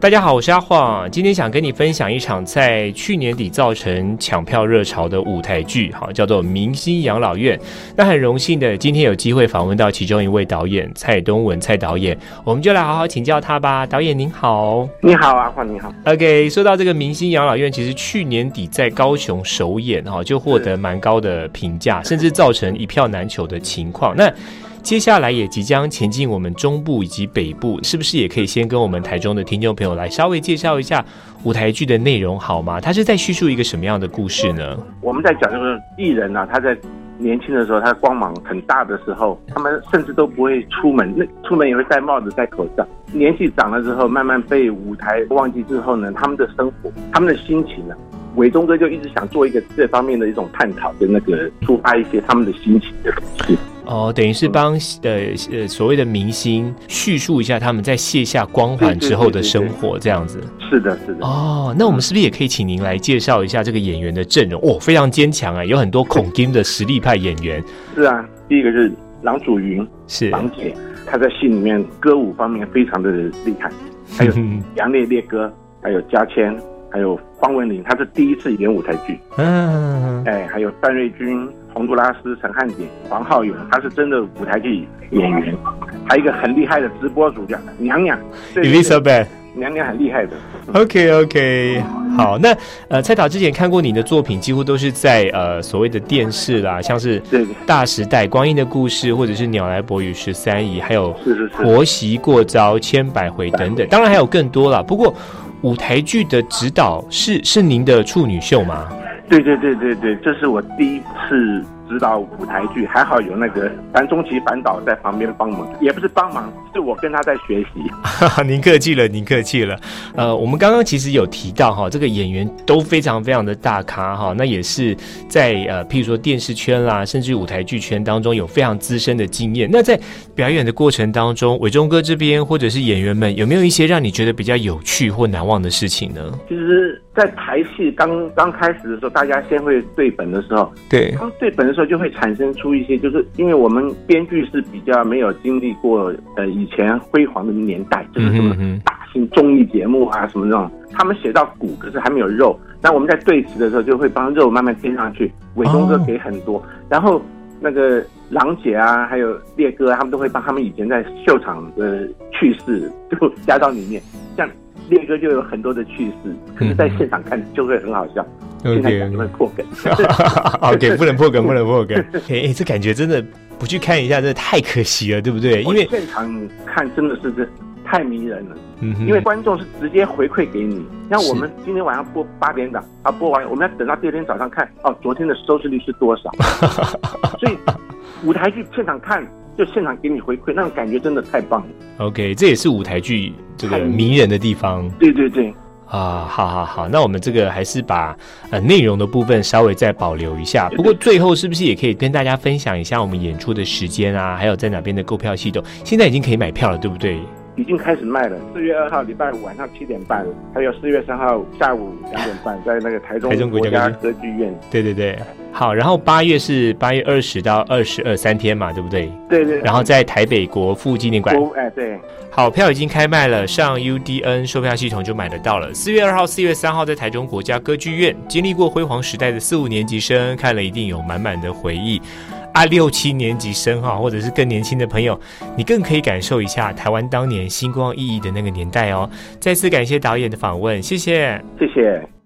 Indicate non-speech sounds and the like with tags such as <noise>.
大家好，我是阿晃，今天想跟你分享一場在去年底造成搶票熱潮的舞台劇，哈叫做《明星養老院》。那很榮幸的，今天有機會訪問到其中一位導演蔡東文蔡導演，我們就來好好請教他吧。導演您好，你好阿晃，你好。OK，說到這個《明星養老院》，其實去年底在高雄首演哈，就獲得蠻高的評價，甚至造成一票難求的情況。那接下來也即將前進我們中部以及北部，是不是也可以先跟我們台中的聽眾朋友來稍微介紹一下舞台劇的內容好嗎？他是在敘述一個什麼樣的故事呢？我們在講就是藝人吶、啊，他在年輕的時候，他光芒很大的時候，他們甚至都不會出門，那出門也會戴帽子、戴口罩。年紀長了之後，慢慢被舞台忘記之後呢，他們的生活、他們的心情呢、啊？偉忠哥就一直想做一個這方面的一種探討，跟那個觸發一些他們的心情的東西。嗯、哦，等於是幫呃呃所謂的明星敘述一下他們在卸下光環之後的生活，這樣子是。是的，是的。哦，那我們是不是也可以請您來介紹一下這個演員的陣容？哦，非常堅強啊，有很多孔金的實力派演員。是啊，第一個是郎祖筠，是郎姐，她在戲裡面歌舞方面非常的厲害。還有楊烈烈哥，還有嘉千。還有方文琳，她是第一次演舞台劇。嗯，哎、欸，還有范瑞君、洪都拉斯、陳漢典、黃浩詠，他是真的舞台劇演員。嗯、還有一個很厲害的直播主叫娘娘，Alizabeth，是、嗯、娘娘很厲害的。OK OK，、嗯、好，那呃，蔡導之前看過你的作品，幾乎都是在呃所謂的電視啦，像是《大時代》《光陰的故事》，或者是《鳥來伯與十三姨》，還有《婆媳過招千百回》等等，嗯、當然還有更多啦，不過。舞台劇的指導是是您的處女秀嗎？對對對對對，這是我第一次。指導舞台劇，還好有那個板中琦板導在旁邊幫忙，也不是幫忙，是我跟他在學習。 <laughs> 您客氣了，您客氣了。呃，我們剛剛其實有提到哈、哦，這個演員都非常非常的大咖哈、哦，那也是在呃，譬如說電視圈啦，甚至舞台劇圈當中有非常資深的經驗。那在表演的過程當中，偉忠哥這邊或者是演員們，有沒有一些讓你覺得比較有趣或難忘的事情呢？其實，在排戲剛剛開始的時候，大家先會對本的時候，對，剛對本的時候。就會產生出一些，就是因為我們編劇是比較沒有經歷過呃以前輝煌的年代，就是什麼大型綜藝節目啊什麼這種，他們寫到骨，可是還沒有肉。那我們在對詞的時候，就會幫肉慢慢添上去。偉忠哥給很多，oh. 然後那個郎姐啊，還有烈哥啊，他們都會把他們以前在秀場的趣事就加到裡面。像烈哥就有很多的趣事，可是在現場看就會很好笑。OK，不能破梗，OK，不能破梗，不能破梗。哎、 <laughs> 欸欸，這感覺真的不去看一下，真的太可惜了，對不對？因為現場看真的是這太迷人了，嗯、哼因為觀眾是直接回饋給你。像我們今天晚上播八點檔，啊，是播完我們要等到第二天早上看，哦，昨天的收視率是多少？ <laughs> 所以舞台劇現場看就現場給你回饋，那種感覺真的太棒了。OK，這也是舞台劇這個迷人的地方。對對對。啊，好好好，那我們這個還是把呃內容的部分稍微再保留一下。不過最後是不是也可以跟大家分享一下我們演出的時間啊，還有在哪邊的購票系統？現在已經可以買票了，對不對？已經開始賣了。四月二號禮拜五晚上七點半，還有四月三號下午兩點半，在那個台中國家歌劇院。國家國家，對對對，好。然後八月是八月二十到二十二三天嘛，對不對？對，對，對。然後在台北國父紀念館，館。哦。哎，對。好，票已經開賣了，上 UDN 售票系統就買得到了。四月二號、四月三號在台中國家歌劇院，經歷過輝煌時代的四五年級生看了一定有滿滿的回憶。啊，六七年級生哈，或者是更年輕的朋友，你更可以感受一下台灣當年星光熠熠的那個年代哦。再次感謝導演的訪問，謝謝，謝謝。